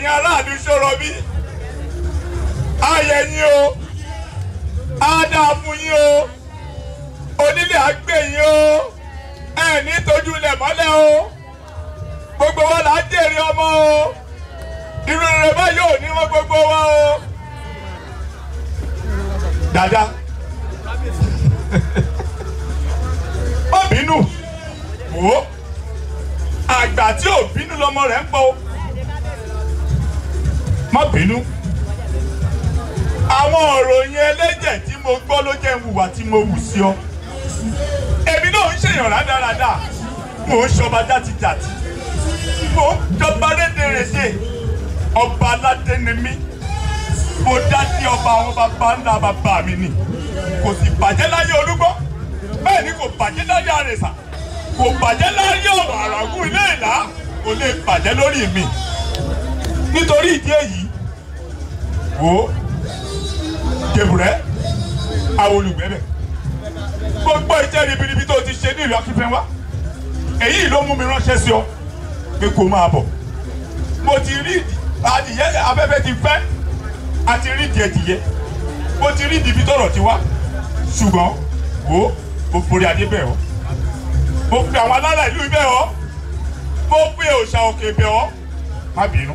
ẹ̀yin aráàlú sọ̀rọ̀ bí ayẹ̀ yín o á dáa fún yín o onílé àgbè yín o ẹ̀ ní ilẹ̀ mọ́lẹ̀ o gbogbo wa là á jèrè ọmọ o irú rẹ̀ báyìí ò ní wọ́n gbogbo wa o. dada ó bínú wò ó àgbà tí ò bínú lọmọ rẹ̀ ń pọ̀ o má bínú àwọn ọ̀rọ̀ yẹn ẹlẹ́jẹ̀ tí mo gbọ́ ló jẹ́ ìwà tí mo wù sí ọ èmi náà ń ṣèyàn rádaràda mò ń ṣọba játijàti mò ń jọba rédèrèdè ọba aládé ni mí mo dá sí ọba àwọn bàbá ńlá bàbá mi ni kò sì bàjẹ́ láyé olúgbọ́ bẹ́ẹ̀ ni kò bàjẹ́ láyé àrèsà kò bàjẹ́ láyé ọ̀rọ̀ àràgùn ilé ìlà kò lè bàjẹ́ lórí mi nítorí ìdí èyí wò ó dèbùrẹ́ àwọn olùgbẹ́bẹ̀ gbogbo ìjẹ́ ribiribi tó ti ṣe ní ìlú akínfẹ́wá èyí ló mú mi ránṣẹ́ sí ọ pé kó máa bọ̀ mo ti rí adìyẹ afẹ́fẹ́ ti fẹ́ àti rí ìdí ẹ̀dìyẹ mo ti rí ìdìbí tọ̀rọ̀ ti wá ṣùgbọ́n wò ó mo forí adé bẹ̀ ọ́ mo pe àwọn alálà ìlú ibẹ̀ ọ́ mo pe òòṣà òkè bẹ̀ ọ́ má bínú.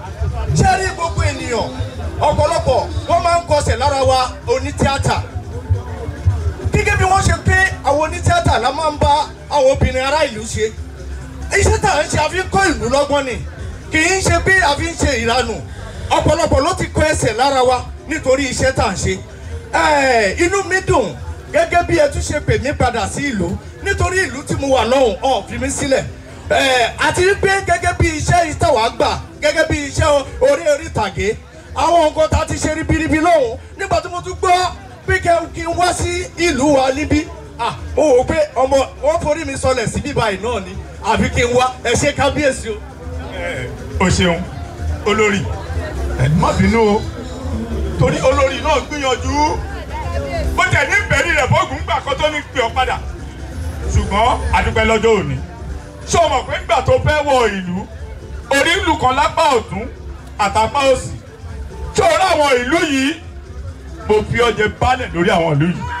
ṣé rí gbogbo ènìyàn ọ̀pọ̀lọpọ̀ wọ́n máa ń kọsẹ̀ lára wa onítíátà gẹ́gẹ́ bí wọ́n ṣe pé àwọn onítíátà la máa ń bá àwọn obìnrin ará ìlú ṣe iṣẹ́ tà ń ṣe àfi ń kọ́ ìlú lọ́gbọ́n ni kì í ṣe pé àfi ń ṣe ìranù ọ̀pọ̀lọpọ̀ ló ti kọ ẹsẹ̀ lára wa nítorí iṣẹ́ tà ń ṣe inú mi dùn gẹ́gẹ́ bí ẹ tún ṣe pè mí padà sí ìlú nítorí ìlú tí mo wà lọ́hùn ọ̀ fi mí sílẹ̀ àti pé gẹ́gẹ́ bí iṣẹ́ ìtàwá gbà gẹ́gẹ́ bí iṣẹ́ orí orí ìtàgé àwọn nǹkan tá a ti ṣe ribiribi lóhùn nígbà tí mo tún gbọ́ pé kí n wá sí ìlú wa níbí mo wò pé ọmọ wọn forí mi sọlẹ̀ sí bíbá yìí náà ni àfi kí n wá ẹ ṣe kábíyèsí o. o ṣeun olórí má bínú o torí olórí náà gbìyànjú bó tẹ̀ ní bẹ̀rì rẹ̀ bógun gbà kó tó ní pè ọ́ padà ṣùgbọ́n a lọ́jọ́ òní ṣé o mọ̀ pé ńgbà tó fẹ́ wọ ìlú orí ìlú kan lápá ọ̀tún àtàpá òsì tí ó rá àwọn ìlú yìí mo fi ọjẹ balẹ̀ lórí àwọn ìlú yìí.